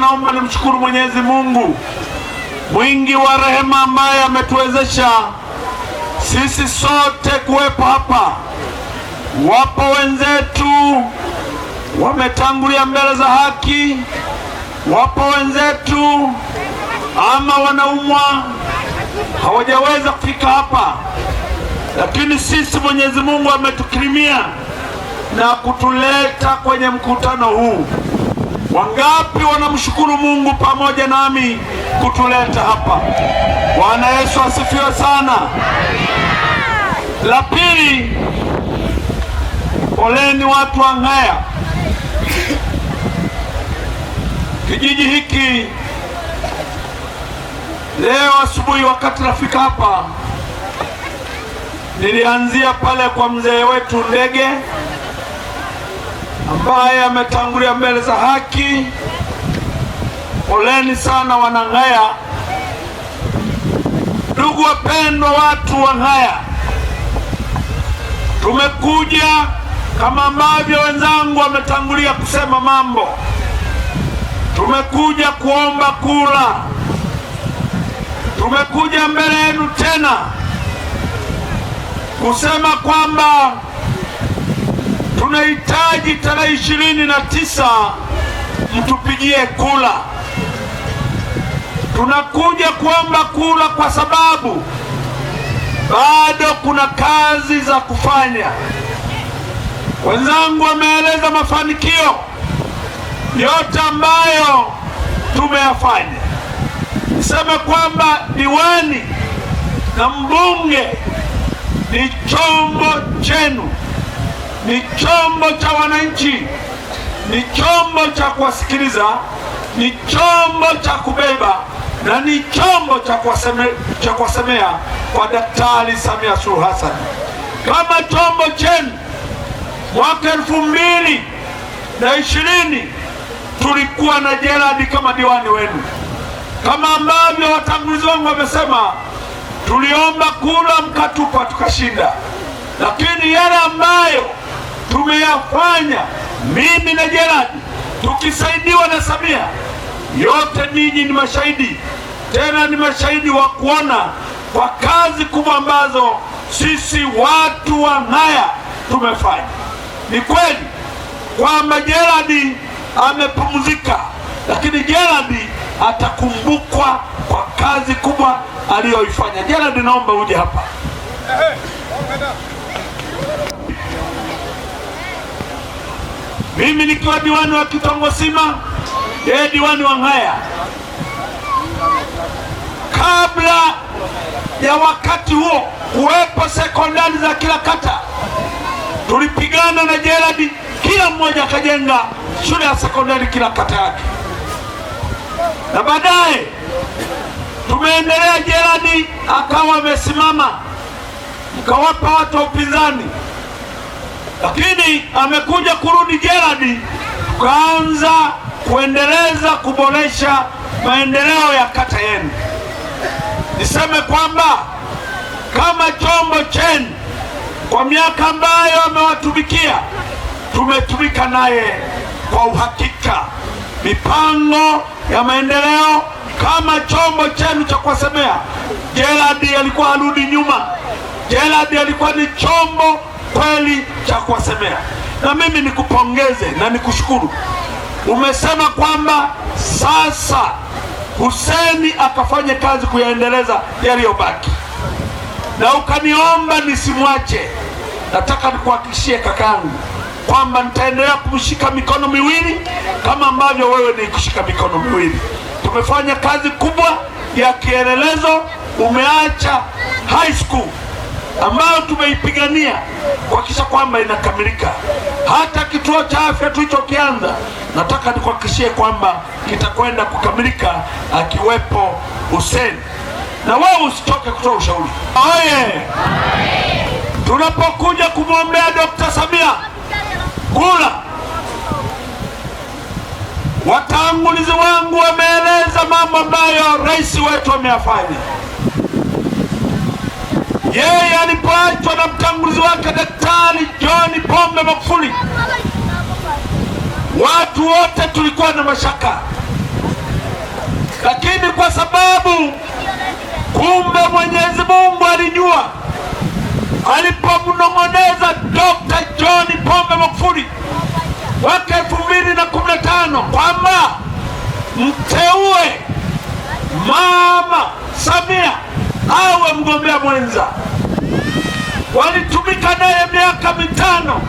naomba nimshukuru Mwenyezi Mungu mwingi wa rehema ambaye ametuwezesha sisi sote kuwepo hapa. Wapo wenzetu wametangulia mbele za haki, wapo wenzetu ama wanaumwa hawajaweza kufika hapa, lakini sisi Mwenyezi Mungu ametukirimia na kutuleta kwenye mkutano huu. Wangapi wanamshukuru Mungu pamoja nami kutuleta hapa? Bwana Yesu asifiwe sana. La pili, poleni watu wa Ng'haya. Kijiji hiki leo asubuhi, wakati nafika hapa, nilianzia pale kwa mzee wetu Ndege ambaye ametangulia mbele za haki. Poleni sana wanangaya Ndugu wapendwa, watu wa Ng'haya, tumekuja kama ambavyo wenzangu wametangulia kusema mambo, tumekuja kuomba kura, tumekuja mbele yenu tena kusema kwamba tunahitaji tarehe ishirini na tisa mtupigie kula. Tunakuja kuomba kula kwa sababu bado kuna kazi za kufanya. Wenzangu wameeleza mafanikio yote ambayo tumeyafanya. Niseme kwamba diwani na mbunge ni chombo chenu ni chombo cha wananchi, ni chombo cha kuwasikiliza, ni chombo cha kubeba na ni chombo cha kuwasemea cha kuwasemea kwa Daktari Samia Suluhu Hassan. Kama chombo chenu, mwaka elfu mbili na ishirini tulikuwa na Jeradi kama diwani wenu, kama ambavyo watangulizi wangu wamesema, tuliomba kura mkatupa tukashinda, lakini yale ambayo tumeyafanya mimi na Jeradi tukisaidiwa na Samia. Yote ninyi ni mashahidi, tena ni mashahidi wa kuona kwa kazi kubwa ambazo sisi watu wa Naya tumefanya. Ni kweli kwamba Jeradi amepumzika, lakini Jeradi atakumbukwa kwa kazi kubwa aliyoifanya. Jeradi, naomba uje hapa. Eh, eh, Mimi nikiwa diwani wa Kitongosima, yeye diwani wa Ng'haya, kabla ya wakati huo kuwepo sekondari za kila kata, tulipigana na Jeradi, kila mmoja akajenga shule ya sekondari kila kata yake, na baadaye tumeendelea. Jeradi akawa amesimama, mkawapa watu wa upinzani lakini amekuja kurudi Gerard kuanza kuendeleza kuboresha maendeleo ya kata yenu. Niseme kwamba kama chombo chenu, kwa miaka ambayo amewatumikia, tumetumika naye kwa uhakika. Mipango ya maendeleo kama chombo chenu cha kuwasemea, Gerard alikuwa arudi nyuma. Gerard alikuwa ni chombo kweli cha kuwasemea. Na mimi nikupongeze na nikushukuru, umesema kwamba sasa Huseni akafanye kazi kuyaendeleza yaliyobaki, na ukaniomba nisimwache. Nataka nikuhakikishie kakangu kwamba nitaendelea kumshika mikono miwili kama ambavyo wewe nikushika mikono miwili. Tumefanya kazi kubwa ya kielelezo, umeacha high school ambayo tumeipigania kuhakikisha kwamba inakamilika. Hata kituo cha afya tulichokianza, nataka nikuhakikishie kwamba kitakwenda kukamilika, akiwepo Hussein. Na wewe usitoke kutoa ushauri. Aye, tunapokuja kumwombea Dr. Samia kula, watangulizi wangu wameeleza mambo ambayo rais wetu ameyafanya yeye alipoachwa na mtangulizi wake Daktari John Pombe Magufuli, watu wote tulikuwa na mashaka, lakini kwa sababu kumbe Mwenyezi Mungu alijua alipomnong'oneza Dr. John Pombe Magufuli mwaka elfu mbili na kumi na tano kwamba mteue Mama Samia awe mgombea mwenza. Walitumika naye miaka mitano.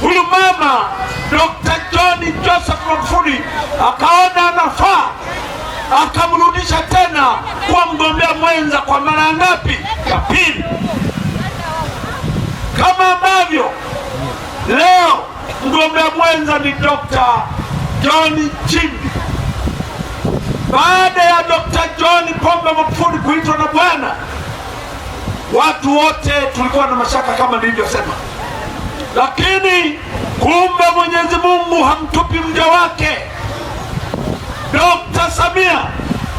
Huyu mama Dr. John Joseph Magufuli akaona anafaa, akamrudisha tena kuwa mgombea mwenza kwa mara ngapi? Ya pili. Kama ambavyo leo mgombea mwenza ni Dr. John Chimbi baada ya Dr. John Pombe Magufuli kuitwa na Bwana, watu wote tulikuwa na mashaka kama nilivyosema, lakini kumbe Mwenyezi Mungu hamtupi mja wake. Dr. Samia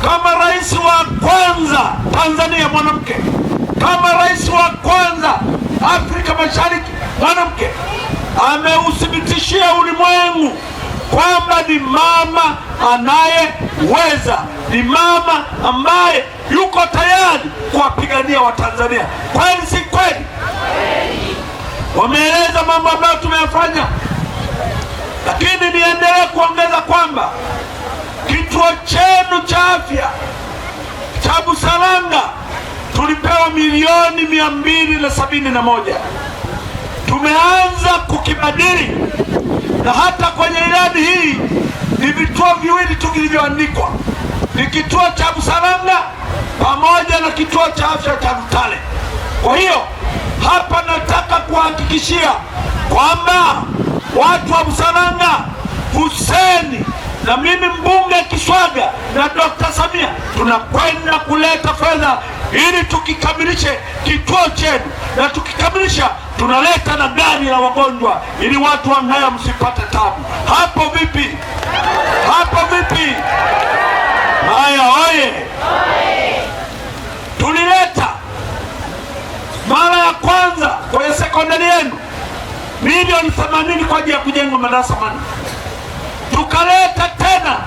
kama rais wa kwanza Tanzania mwanamke, kama rais wa kwanza Afrika Mashariki mwanamke, ameuthibitishia ulimwengu kwamba ni mama anaye Weza ni mama ambaye yuko tayari kuwapigania Watanzania. Kweli si kweli? Wameeleza mambo ambayo tumeyafanya, lakini niendelee kuongeza kwamba kituo chenu cha afya cha Busalanga tulipewa milioni mia mbili na sabini na moja. Tumeanza kukibadili na hata kwenye ilani hii ni vituo viwili tu vilivyoandikwa ni kituo cha Busalanga pamoja na kituo cha afya cha Rutale. Kwa hiyo hapa nataka kuhakikishia kwamba watu wa Busalanga, Huseni na mimi mbunge Kiswaga na Dr. Samia tunakwenda kuleta fedha ili tukikamilishe kituo chetu na tukikamilisha tunaleta na gari la wagonjwa ili watu wa Ng'haya msipate tabu. Hapo vipi? Hapo vipi? Ng'haya oye! Tulileta mara ya kwanza kwenye sekondari yenu milioni 80 kwa ajili ya kujenga madarasa manne, tukaleta tena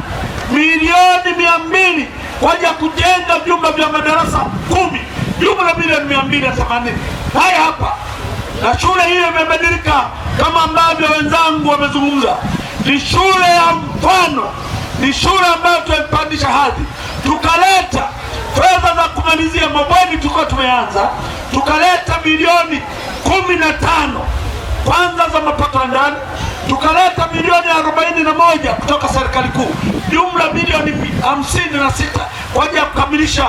milioni mia mbili kwa ajili ya kujenga vyumba vya madarasa kumi, jumla milioni mia mbili na themanini. Haya hapa na shule hiyo imebadilika kama ambavyo wenzangu wamezungumza. Ni shule ya mfano, ni shule ambayo tumepandisha hadhi, tukaleta fedha za kumalizia mabweni, tulikuwa tumeanza, tukaleta bilioni kumi na tano kwanza za mapato ya ndani, tukaleta milioni arobaini na moja kutoka serikali kuu, jumla milioni hamsini na sita kwa ajili ya kukamilisha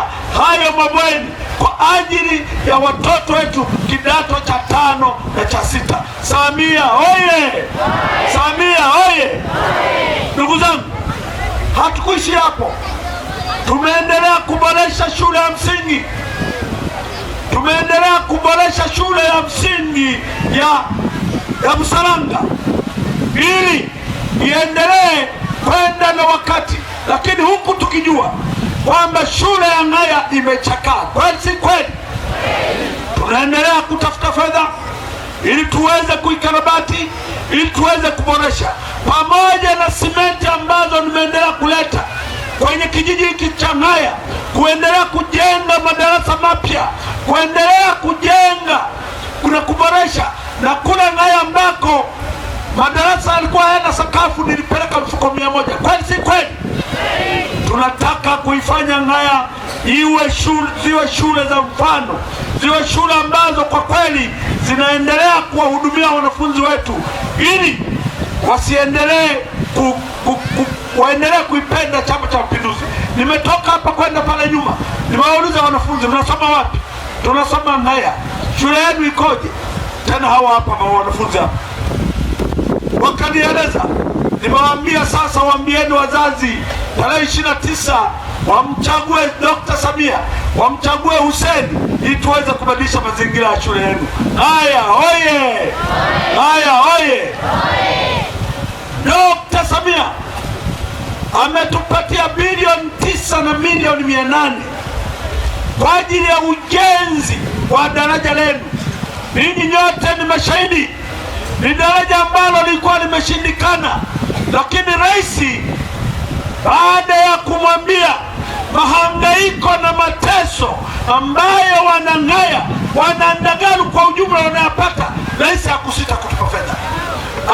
hayo mabweni kwa ajili ya watoto wetu kidato cha tano na cha sita. Samia oye! Samia oye! Ndugu zangu, hatukuishi hapo, tumeendelea kuboresha shule ya msingi tumeendelea kuboresha shule ya msingi ya, ya Msalanga ili iendelee kwenda na wakati, lakini huku tukijua kwamba shule ya Ng'haya imechakaa kweli, si kweli? Tunaendelea kutafuta fedha ili tuweze kuikarabati ili tuweze kuboresha, pamoja na simenti ambazo nimeendelea kuleta kwenye kijiji hiki cha Ng'haya, kuendelea kujenga madarasa mapya, kuendelea kujenga kuna kuboresha. Na kule Ng'haya ambako madarasa yalikuwa hayana sakafu, nilipeleka mfuko mia moja, kweli si kweli? tunataka kuifanya Ng'haya iwe shule, ziwe shule za mfano, ziwe shule ambazo kwa kweli zinaendelea kuwahudumia wanafunzi wetu ili wasiendelee ku, ku, ku, waendelee kuipenda Chama cha Mapinduzi. Nimetoka hapa kwenda pale nyuma, nimewauliza wanafunzi, mnasoma wapi? Tunasoma Ng'haya. Shule yenu ikoje? Tena hawa hapa wanafunzi hapa wakanieleza Nimewaambia sasa, waambieni wazazi tarehe ishirini na tisa wamchague Dr. Samia, wamchague Hussein ili tuweze kubadilisha mazingira ya shule yenu. Haya oye! Haya oye! Dr. Samia ametupatia bilioni tisa na milioni mia nane kwa ajili ya ujenzi wa daraja lenu. Ninyi nyote ni mashahidi, ni daraja ambalo lilikuwa limeshindikana lakini rais baada ya kumwambia mahangaiko na mateso ambayo wanang'aya wanandagalu kwa ujumla wanayapata, rais hakusita kutupa fedha,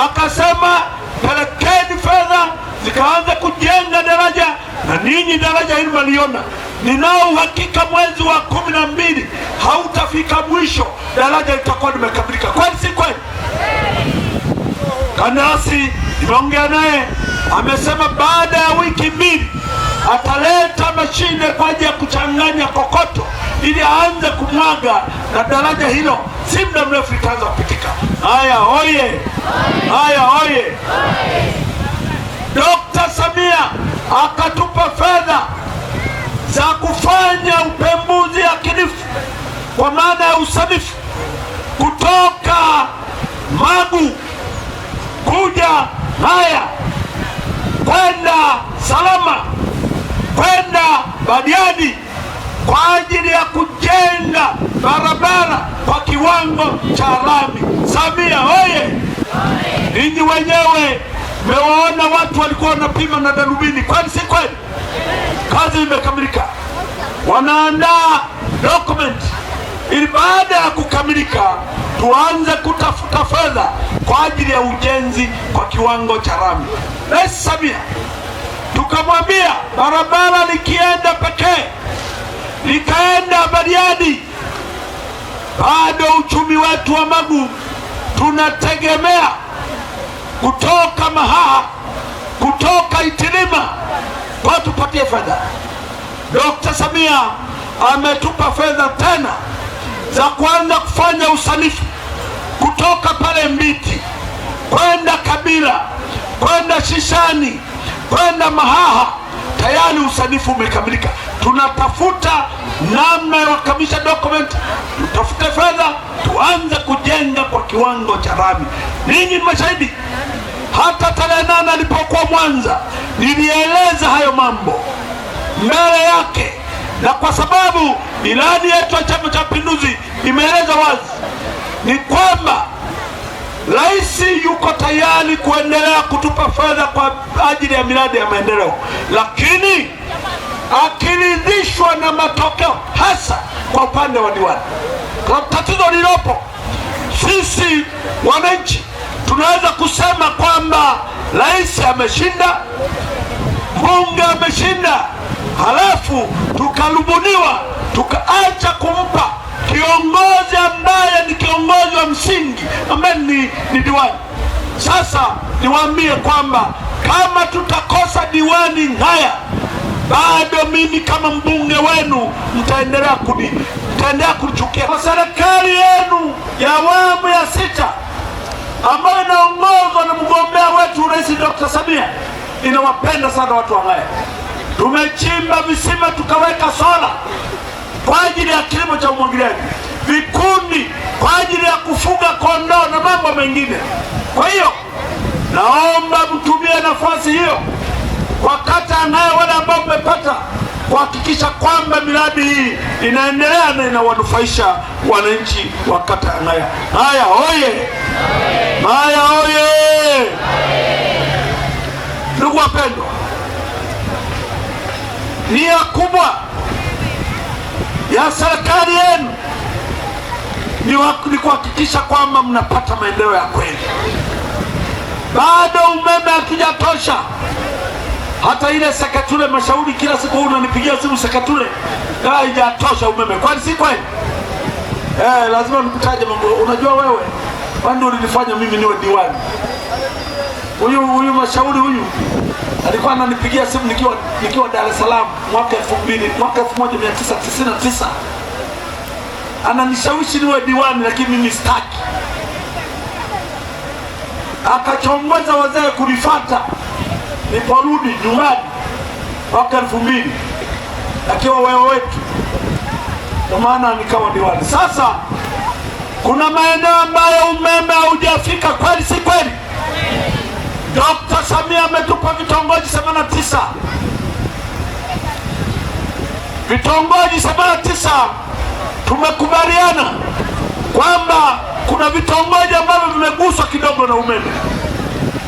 akasema pelekeni fedha zikaanza kujenga daraja, na ninyi daraja hili maliona. Ninao uhakika mwezi wa kumi na mbili hautafika mwisho, daraja litakuwa limekamilika. Kweli si kweli? Kanasi Nimeongea naye amesema baada ya wiki mbili ataleta mashine kwa ajili ya kuchanganya kokoto ili aanze kumwaga, na daraja hilo si muda mrefu litaanza kupitika. Haya oye! Haya oye! Dokta Samia akatupa fedha za kufanya upembuzi yakinifu kwa maana ya usanifu kutoka Magu kuja haya kwenda Salama, kwenda Badiadi kwa ajili ya kujenga barabara kwa kiwango cha lami. Samia oye! Ninyi wenyewe mmewaona watu walikuwa wanapima na darubini, kweli si kweli? Kazi imekamilika, wanaandaa dokumenti ili baada ya kukamilika tuanze kutafuta fedha kwa ajili ya ujenzi kwa kiwango cha rami Rais Samia tukamwambia barabara likienda pekee likaenda Bariadi, bado uchumi wetu wa Magu tunategemea kutoka Mahaha, kutoka Itilima kwa tupatie fedha. Dr. Samia ametupa fedha tena za kuanza kufanya usanifu kutoka pale Mbiti kwenda Kabila kwenda Shishani kwenda Mahaha, tayari usanifu umekamilika. Tunatafuta namna ya kukamilisha document, tutafute fedha, tuanze kujenga kwa kiwango cha rami Ninyi ni mashahidi, hata tarehe nane alipokuwa Mwanza nilieleza hayo mambo mbele yake, na kwa sababu Ilani yetu ya Chama cha Mapinduzi imeeleza wazi ni kwamba rais yuko tayari kuendelea kutupa fedha kwa ajili ya miradi ya maendeleo, lakini akiridhishwa na matokeo, hasa kwa upande wa diwani. Tatizo lilopo, sisi wananchi tunaweza kusema kwamba rais ameshinda, bunge ameshinda, halafu tukarubuniwa tukaacha kumpa kiongozi ambaye ni kiongozi wa msingi ambaye ni, ni diwani. Sasa niwaambie kwamba kama tutakosa diwani haya bado mimi kama mbunge wenu mtaendelea kuni mtaendelea kuchukia kwa serikali yenu ya awamu ya sita ambayo inaongozwa na mgombea wetu Rais Dr. Samia. Inawapenda sana watu wa Ng'haya. Tumechimba visima tukaweka sola kwa ajili ya kilimo cha umwagiliaji, vikundi kwa ajili ya kufuga kondoo na mambo mengine. Kwa hiyo naomba mtumie nafasi hiyo kwa kata nayo, wale ambao mmepata kuhakikisha kwamba miradi hii inaendelea na inawanufaisha wananchi wa kata ya Ng'haya. Ng'haya oye! Ng'haya oye! Ndugu wapendwa, nia kubwa ya serikali yenu ni kuhakikisha kwamba mnapata maendeleo ya kweli. Bado umeme hakijatosha. Hata ile Sekatule Mashauri, kila siku unanipigia simu Sekatule, ah, haijatosha umeme, kwani si kweli? Eh, lazima nikutaje mambo. Unajua wewe ndio ulinifanya mimi niwe diwani. Huyu huyu Mashauri huyu alikuwa ananipigia simu nikiwa nikiwa Dar es Salaam mwaka 2000 mwaka 1999 ananishawishi niwe diwani, lakini mimi sitaki. Akachongoza wazee kunifata niporudi nyumbani mwaka 2000 akiwa wewe wetu, kwa maana nikawa diwani. Sasa kuna maeneo ambayo umeme haujafika, kweli si kweli? Dr. Samia ametupa vitongoji 79. vitongoji 79. Tumekubaliana kwamba kuna vitongoji ambavyo vimeguswa kidogo na umeme,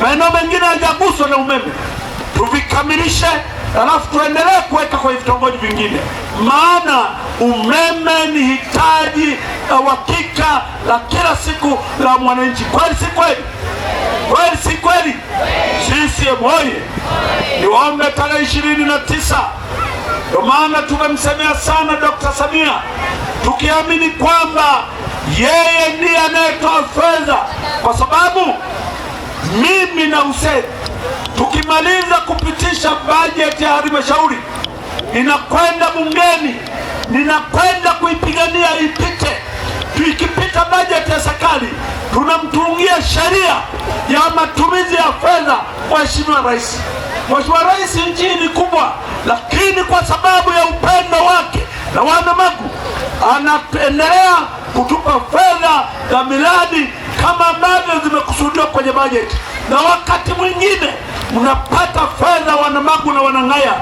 maeneo mengine hayajaguswa na umeme, tuvikamilishe alafu tuendelee kuweka kwenye vitongoji vingine, maana umeme ni hitaji la uhakika la kila siku la mwananchi. Kweli si kweli? Kweli si kweli? CCM oye! Niwaombe tarehe ishirini na tisa. Ndio maana tumemsemea sana Dr. Samia tukiamini kwamba yeye ndiye anayetoa fedha, kwa sababu mimi na Hussein tukimaliza kupitisha bajeti ya halmashauri ninakwenda bungeni, ninakwenda kuipigania ipite. Tuikipita bajeti serikali tunamtungia sheria ya matumizi ya fedha Mheshimiwa Rais. Mheshimiwa Rais, nchi ni kubwa, lakini kwa sababu ya upendo wake na wana Magu anaendelea kutupa fedha za miradi kama ambavyo zimekusudiwa kwenye bajeti, na wakati mwingine mnapata fedha wanamagu na wanang'aya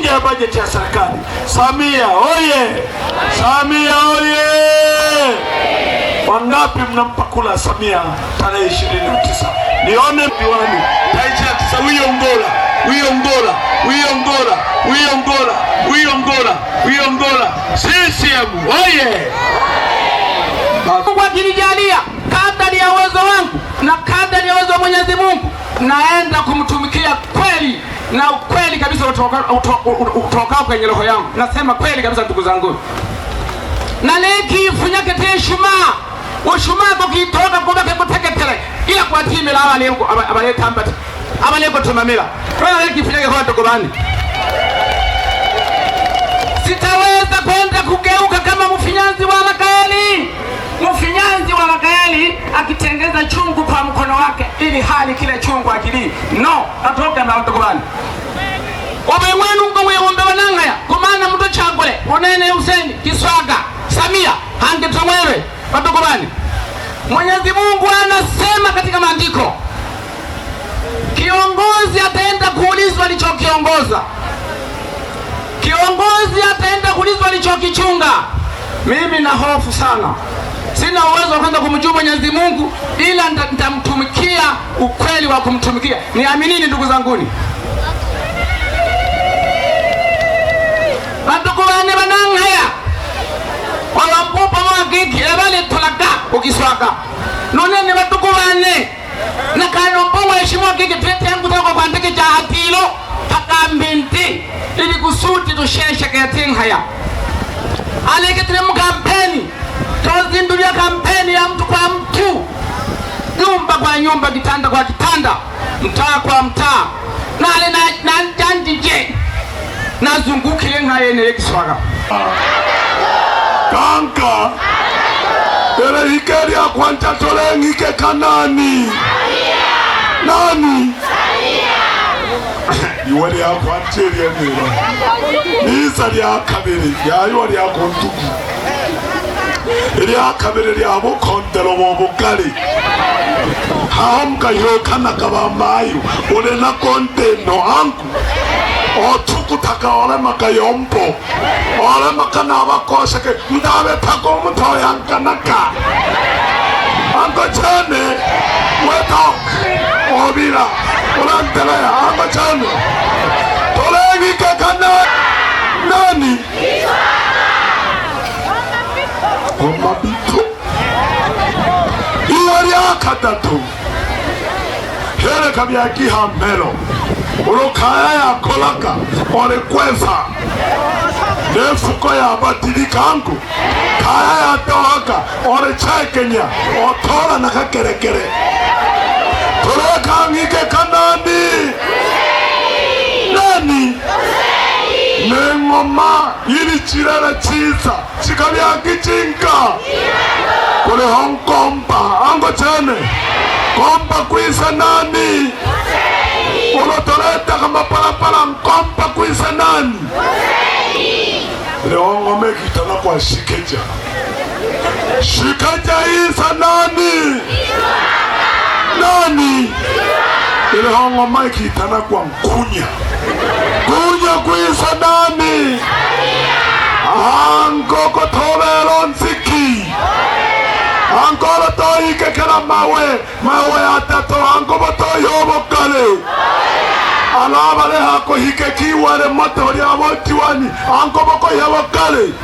nje ya bajeti ya serikali. Samia oye! Samia oye! Wangapi mnampa kula Samia tarehe tisa? Nione diwani tarehe tisa, huyo Ngola, huyo Ngola, huyo Ngola, huyo Ngola, huyo Ngola, huyo Ngola. CCM oye! Mungu akinijalia kadri ya uwezo wangu na kadri ya uwezo wa Mwenyezi Mungu naenda kumtumikia kweli na ukweli kabisa utokao kwenye roho yangu. Nasema kweli kabisa, ndugu zangu, na funyake teshima ushuma kukitonda kubake kutegetele ila wale yuko abale kwatimila abalengo abalekambati abalengo tumamila lwalalekifunyake hoto kubani sitaweza kwenda kugeuka kama mfinyanzi wa Makayeli. Mfinyanzi wa Makayeli akitengeza chungu kwa mkono wake, ili hali kile chungu akili no atoka na watu kubani watukubani wamwenu ngo wewombe wanangaya kumana mtu chagule unene useni Kiswaga Samia hange tomwere Patukubali. Mwenyezi Mungu anasema katika maandiko, kiongozi ataenda kuulizwa alichokiongoza, kiongozi ataenda kuulizwa alichokichunga. Mimi na hofu sana, sina uwezo wa kwenda kumjua Mwenyezi Mungu, ila nitamtumikia ukweli wa kumtumikia. Niaminini ndugu zanguni, bantukuwane bananghaya kusudi tushesheke tinhaya aleke tuli mukampeni tozindulia kampeni ya mtu kwa mtu nyumba kwa nyumba kitanda kwa kitanda mtaa kwa mtaa nale nanjandije nazungukile nhayenele kiswaga kanka elehikelia tole ngike kanani nani iwe lya kwanje lyemera liza lya kabiri lyayuwa lya kuntugu erya kabiri lya bukondero mu bugali hahamukahirokana kabambayo ule na konteno hangu otukutaka olemaka yompo olemaka nabakosheke ndabetaka omutoyankanaka ango cyane wetok obira உலாத்தலை ஆமச்சாமி தொலைவிக்க கண்ணா நானி omabitu iwaryakatatu hereka byakihambelo ulukaya yakolaka olikweza nefuko yabatili kangu kaya yatohaka olichekenya otola nakakerekere Tolekaanike Kanaani nani nengoma yili chilala chiza chikalyangi chinka kulehonkomba ango chene komba kwisa nani ulotoleta kamapalapala nkomba kwisa nani lehongoma ekitana kwa shikeja shikeja isa nani nani? Ile hongoma ikiitana kwa mkunya kunya kwisa dami ankokotolelo nziki ankolo toyikekela mawe mawe atato ankobo toyobokale alabale hakohikekiwale moto lyavotiwani ankoboko yavokale